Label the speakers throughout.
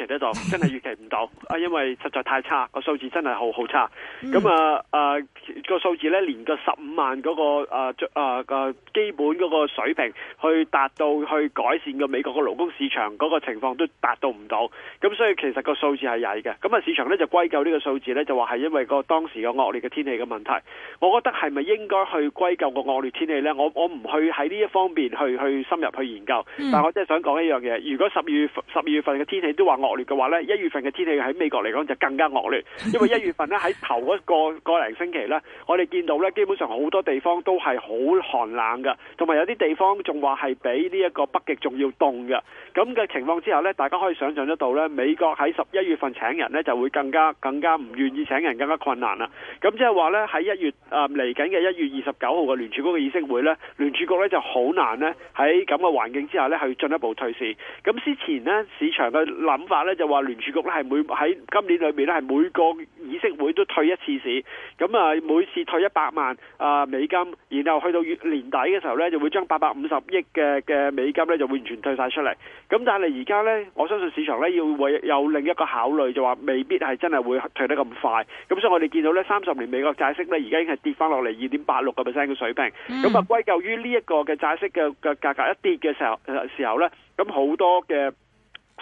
Speaker 1: 其實就真係預期唔到，啊，因為實在太差個數字真係好好差，咁啊啊、個數字咧連個十五萬嗰、個啊啊個、啊、基本嗰個水平去達到去改善個美國個勞工市場嗰個情況都達到唔到，咁所以其實個數字係曳嘅，咁、那、啊、個、市場咧就歸咎個數，呢個數字咧就話係因為個當時個惡劣嘅天氣嘅問題，我覺得係咪應該去歸咎個惡劣天氣咧？我我唔去喺呢一方面去去深入去研究，但係我真係想講一樣嘢，如果十二月十二月份嘅天氣都話惡，惡劣嘅話呢，一月份嘅天氣喺美國嚟講就更加惡劣， 因為一月份呢喺頭一個一個零星期呢，我哋見到呢，基本上好多地方都係好寒冷嘅，同埋有啲地方仲話係比呢一個北極仲要凍嘅。咁嘅情況之下呢，大家可以想象得到呢，美國喺十一月份請人呢就會更加更加唔願意請人，更加困難啦。咁即係話呢，喺一月啊嚟緊嘅一月二十九號嘅聯儲局嘅議息會呢，聯儲局呢就好難呢喺咁嘅環境之下呢，去進一步退市。咁之前呢，市場嘅諗法，咧就話聯儲局咧係每喺今年裏面咧係每個議息會都退一次市，咁啊每次退一百萬啊、呃、美金，然後去到月年底嘅時候咧就會將八百五十億嘅嘅美金咧就會完全退晒出嚟。咁但係而家咧，我相信市場咧要會有另一個考慮，就話未必係真係會退得咁快。咁所以我哋見到咧三十年美國債息咧而家已經係跌翻落嚟二點八六個 percent 嘅水平。咁啊歸咎於呢一個嘅債息嘅嘅價格一跌嘅時候呢，時候咧，咁好多嘅。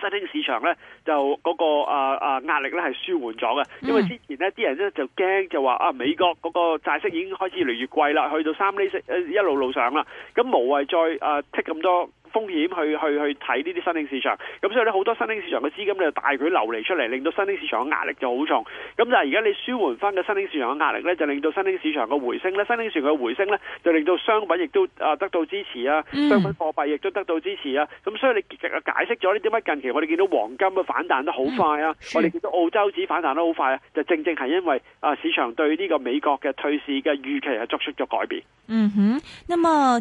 Speaker 1: 新興市場咧就嗰、那個啊啊壓力咧係舒緩咗嘅，因為之前呢啲人咧就驚就話啊美國嗰個債息已經開始越嚟越貴啦，去到三厘息一路路上啦，咁無謂再啊剔咁多。風險去去去睇呢啲新興市場，咁所以咧好多新興市場嘅資金咧就大舉流離出嚟，令到新興市場嘅壓力就好重。咁但係而家你舒緩翻嘅新興市場嘅壓力咧，就令到新興市場嘅回升咧，新興市場嘅回升咧，就令到商品亦都啊得到支持啊，商品貨幣亦都得到支持啊。咁、嗯、所以你解釋咗呢，點解近期我哋見到黃金啊反彈得好快啊，嗯、我哋見到澳洲指反彈得好快啊，就正正係因為啊市場對呢個美國嘅退市嘅預期係作出咗改變。
Speaker 2: 嗯哼，咁啊。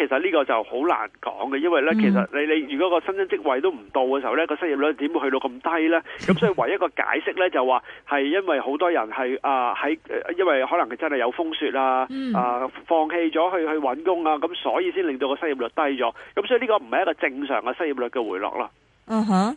Speaker 1: 其實呢個就好難講嘅，因為呢，其實你你如果個新增職位都唔到嘅時候呢，個失業率點會去到咁低呢？咁、嗯、所以唯一個解釋呢，就話係因為好多人係啊喺，因為可能佢真係有風雪啊啊、呃，放棄咗去去揾工啊，咁所以先令到個失業率低咗。咁、嗯、所以呢個唔係一個正常嘅失業率嘅回落咯。Uh huh.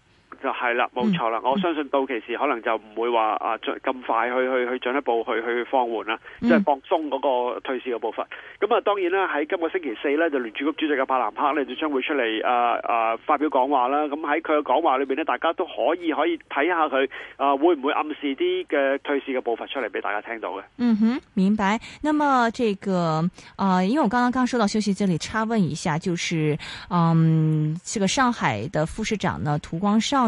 Speaker 1: 就係啦，冇錯啦，嗯、我相信到期時可能就唔會話、嗯嗯、啊，咁快去去去進一步去去放緩啦，即、就、係、是、放鬆嗰個退市嘅步伐。咁啊、嗯，當然啦，喺今個星期四呢，就聯儲局主席嘅伯南克呢，就將會出嚟啊啊發表講話啦。咁喺佢嘅講話裏面呢，大家都可以可以睇下佢啊、呃，會唔會暗示啲嘅退市嘅步伐出嚟俾大家聽到嘅。
Speaker 2: 嗯哼，明白。那麼這個啊、呃，因為我剛剛剛收到消息，這裡插問一下，就是嗯，這個上海的副市長呢，屠光紹。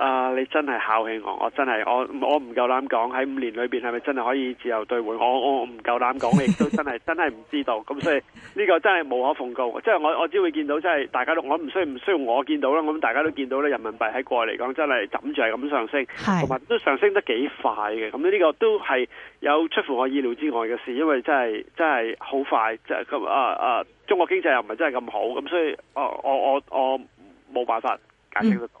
Speaker 1: 啊！Uh, 你真係考起我，我真係我我唔夠膽講喺五年裏邊係咪真係可以自由兌換？我我唔夠膽講，亦都真係 真係唔知道。咁所以呢個真係無可奉告。即係我我只會見到，即係大家都我唔需唔需要我見到啦。咁大家都見到咧，人民幣喺國內嚟講真係枕住係咁上升，同埋的都上升得幾快嘅。咁呢個都係有出乎我意料之外嘅事，因為真係真係好快，即係咁啊啊！Uh, uh, 中國經濟又唔係真係咁好，咁所以 uh, uh, 我我我我冇辦法解釋得到。嗯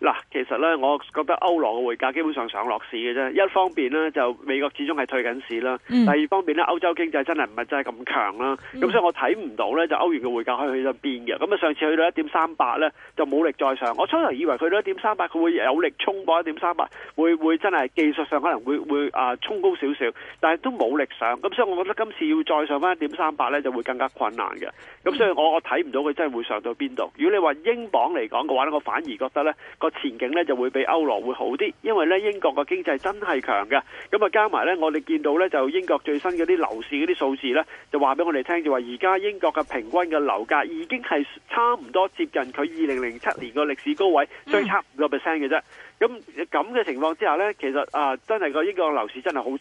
Speaker 1: 嗱，其實咧，我覺得歐羅嘅匯價基本上上落市嘅啫。一方面呢，就美國始終係退緊市啦；第二方面呢，歐洲經濟真係唔係真係咁強啦。咁所以，我睇唔到呢，就歐元嘅匯價可以去到邊嘅。咁啊，上次去到一點三八呢，就冇力再上。我初頭以為去到一點三八，佢會有力衝過一點三八，會真係技術上可能會會啊衝高少少，但係都冇力上。咁所以，我覺得今次要再上翻一點三八呢，就會更加困難嘅。咁所以，我我睇唔到佢真係會上到邊度。如果你英鎊話英鎊嚟講嘅話呢，我反而覺得呢，前景咧就會比歐羅會好啲，因為咧英國個經濟真係強嘅，咁啊加埋咧，我哋見到咧就英國最新嗰啲樓市嗰啲數字咧，就話俾我哋聽，就話而家英國嘅平均嘅樓價已經係差唔多接近佢二零零七年個歷史高位，相差五個 percent 嘅啫。咁咁嘅情況之下咧，其實啊、呃，真係個英國樓市真係好熱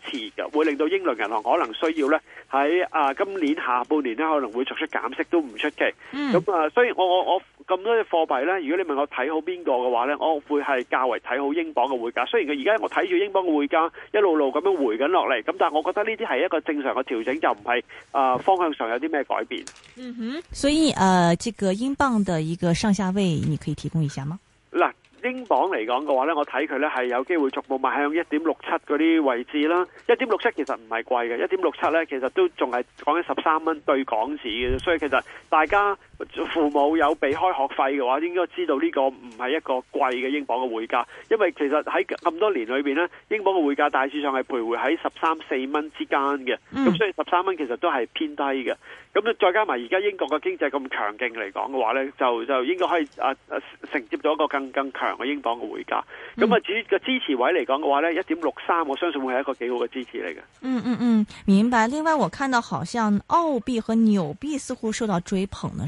Speaker 1: 嘅，會令到英倫銀行可能需要咧喺啊今年下半年咧可能會作出減息都唔出奇。咁啊、嗯，所以我我我。我咁多嘅貨幣咧，如果你問我睇好邊個嘅話咧，我會係較為睇好英鎊嘅匯價。雖然佢而家我睇住英鎊嘅匯價一路路咁樣回緊落嚟，咁但係我覺得呢啲係一個正常嘅調整，就唔係、呃、方向上有啲咩
Speaker 2: 改變。嗯哼，所以啊，即、呃這個英鎊嘅一個上下位，你可以提供一下嗎？
Speaker 1: 嗱，英鎊嚟講嘅話咧，我睇佢咧係有機會逐步邁向一點六七嗰啲位置啦。一點六七其實唔係貴嘅，一點六七咧其實都仲係講緊十三蚊對港紙嘅，所以其實大家，父母有俾開學費嘅話，應該知道呢個唔係一個貴嘅英鎊嘅匯價，因為其實喺咁多年裏邊呢英鎊嘅匯價大致上係徘徊喺十三四蚊之間嘅，咁所以十三蚊其實都係偏低嘅。咁再加埋而家英國嘅經濟咁強勁嚟講嘅話呢就就應該可以啊，啊承接到一個更更強嘅英鎊嘅匯價。咁啊、嗯，至於個支持位嚟講嘅話呢，一點六三，我相信會係一個幾好嘅支持嚟
Speaker 2: 嘅。嗯嗯嗯，明白。另外我看到好像澳幣和紐幣似乎受到追捧呢，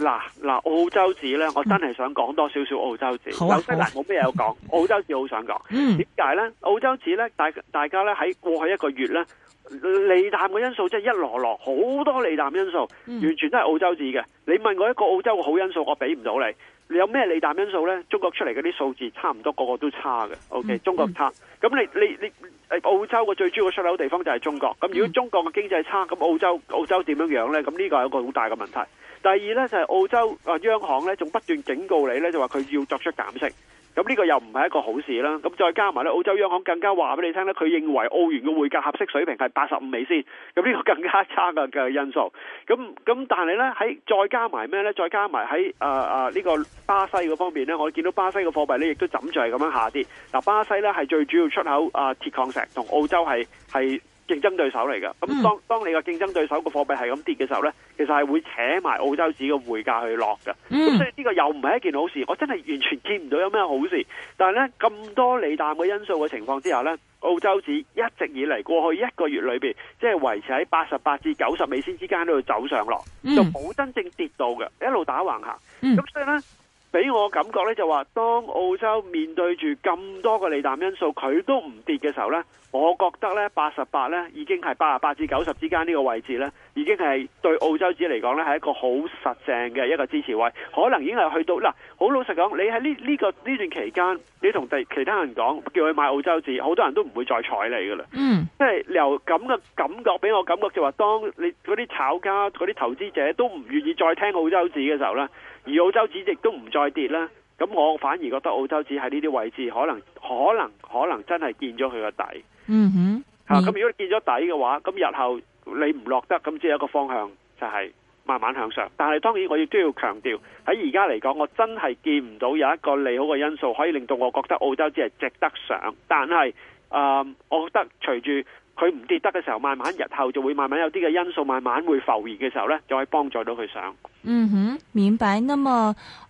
Speaker 1: 嗱嗱澳洲紙呢，我真係想講多少少澳洲紙。首先、嗯，新西蘭冇咩好講，澳洲紙好想講。點解、嗯、呢？澳洲紙呢，大大家呢，喺過去一個月呢，利淡嘅因素即係一籮籮，好多利淡因素，嗯、完全都係澳洲紙嘅。你問我一個澳洲嘅好因素，我俾唔到你。你有咩利淡因素呢？中國出嚟嗰啲數字差唔多，個個都差嘅。嗯、o、OK? K，中國差。咁、嗯、你你你澳洲嘅最主要出口地方就係中國。咁如果中國嘅經濟差，咁澳洲澳洲點樣樣呢？咁呢個係一個好大嘅問題。第二呢，就係、是、澳洲啊央行呢，仲不斷警告你呢，就話佢要作出減息，咁呢個又唔係一個好事啦。咁再加埋呢，澳洲央行更加話俾你聽呢，佢認為澳元嘅匯價合適水平係八十五美仙。咁呢個更加差嘅嘅因素。咁咁但係呢，喺再加埋咩呢？再加埋喺呢個巴西嘅方面呢，我見到巴西嘅貨幣呢，亦都枕住係咁樣下跌。嗱、呃，巴西呢，係最主要出口啊、呃、鐵礦石同澳洲係係競爭對手嚟嘅，咁當、嗯、當你個競爭對手個貨幣係咁跌嘅時候呢，其實係會扯埋澳洲紙嘅匯價去落嘅。咁、嗯、所以呢個又唔係一件好事，我真係完全見唔到有咩好事。但係呢，咁多利淡嘅因素嘅情況之下呢，澳洲紙一直以嚟過去一個月裏邊，即係維持喺八十八至九十美仙之間都要走上落，嗯、就冇真正跌到嘅，一路打橫行。咁、嗯、所以呢，俾我感覺呢，就話，當澳洲面對住咁多個利淡因素，佢都唔跌嘅時候呢。我覺得咧，八十八咧已經係八十八至九十之間呢個位置咧，已經係對澳洲紙嚟講咧係一個好實淨嘅一個支持位，可能已經係去到喇。好老實講，你喺呢呢個呢段期間，你同第其他人講叫佢買澳洲紙，好多人都唔會再睬你㗎喇。嗯。即係由咁嘅感覺俾我感覺，感覺就話當你嗰啲炒家、嗰啲投資者都唔願意再聽澳洲紙嘅時候咧，而澳洲紙亦都唔再跌啦。咁我反而覺得澳洲紙喺呢啲位置可能可能可能真係見咗佢個底。嗯
Speaker 2: 哼、mm，咁、
Speaker 1: hmm. 啊、如果見咗底嘅話，咁日後你唔落得咁，只有一個方向就係慢慢向上。但係當然我亦都要強調喺而家嚟講，我真係見唔到有一個利好嘅因素可以令到我覺得澳洲紙係值得上。但係，嗯、呃，我覺得隨住佢唔跌得嘅時候，慢慢日後就會慢慢有啲嘅因素慢慢會浮現嘅時候呢，就可以幫助到佢上。嗯
Speaker 2: 哼、mm，hmm. 明白。那麼。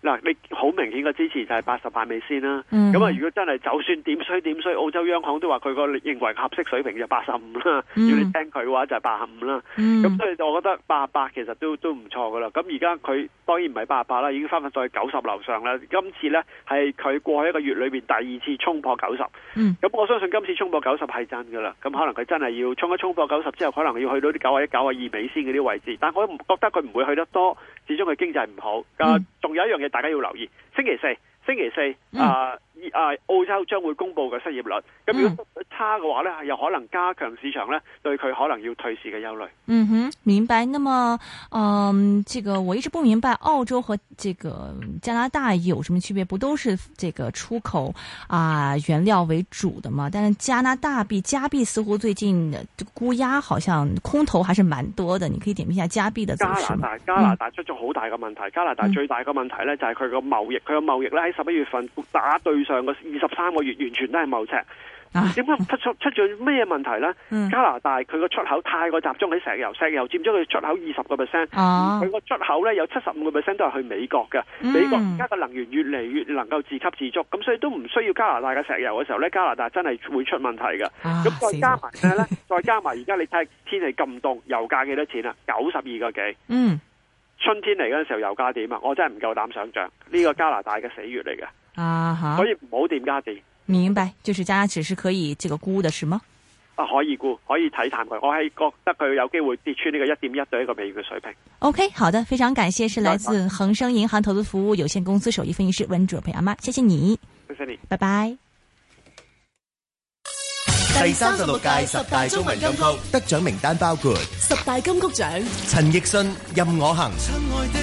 Speaker 1: 嗱，你好明顯嘅支持就係八十八美仙啦。咁啊，嗯、如果真係就算點衰點衰，澳洲央行都話佢個認為合適水平就八十五啦。要、嗯、你聽佢嘅話就係八十五啦。咁、嗯、所以我覺得八十八其實都都唔錯噶啦。咁而家佢當然唔係八十八啦，已經翻返到去九十樓上啦。今次呢係佢過去一個月裏面第二次衝破九十、嗯。咁我相信今次衝破九十係真噶啦。咁可能佢真係要衝一衝破九十之後，可能要去到啲九啊一九啊二美仙嗰啲位置。但我唔覺得佢唔會去得多。始終佢經濟唔好，嗯、啊，仲有一樣嘢大家要留意，星期四，星期四，啊、嗯，啊，澳洲將會公布嘅失業率，咁如果。嗯差嘅話呢，有可能加強市場呢對佢可能要退市嘅憂慮。
Speaker 2: 嗯哼，明白。那麼，嗯、呃，這個我一直不明白澳洲和這個加拿大有什麼區別？不都是這個出口啊、呃、原料為主的嘛？但是加拿大幣加幣似乎最近估壓，好、呃、像、呃呃呃、空頭還是蠻多的。你可以點評一下加幣的走勢。加拿大加拿
Speaker 1: 大出咗好大嘅問題。嗯、加拿大最大嘅問題呢，就係佢個貿易，佢嘅、嗯、貿易呢，喺十一月份打對上個二十三個月，完全都係貿赤。點解、啊、出出咗咩問題呢？嗯、加拿大佢個出口太過集中喺石油，石油佔咗佢出口二十個 percent。佢個、啊、出口呢有七十五個 percent 都係去美國嘅。嗯、美國而家嘅能源越嚟越能夠自給自足，咁所以都唔需要加拿大嘅石油嘅時候呢，加拿大真係會出問題嘅。咁、啊、再加埋咩呢？ 再加埋而家你睇下天氣咁凍，油價幾多錢啊？九十二個幾？
Speaker 2: 嗯、
Speaker 1: 春天嚟嗰陣時候油價點啊？我真係唔夠膽想象呢、這個加拿大嘅死穴嚟嘅。
Speaker 2: 啊、哈所以
Speaker 1: 唔好掂加電。
Speaker 2: 明白，就是家只是可以這個估的是嗎？
Speaker 1: 啊，可以估，可以睇淡佢，我係覺得佢有機會跌穿呢個一點一到一個美元水平。
Speaker 2: OK，好的，非常感謝，是來自恆生銀行投資服務有限公司首席分析師溫灼培阿媽，謝謝你，謝謝你，拜拜 bye。第三十
Speaker 1: 六屆十大中文、
Speaker 2: 中文、中文金曲得獎名單包
Speaker 1: 括十大金曲獎，陳奕迅《任我行》陳。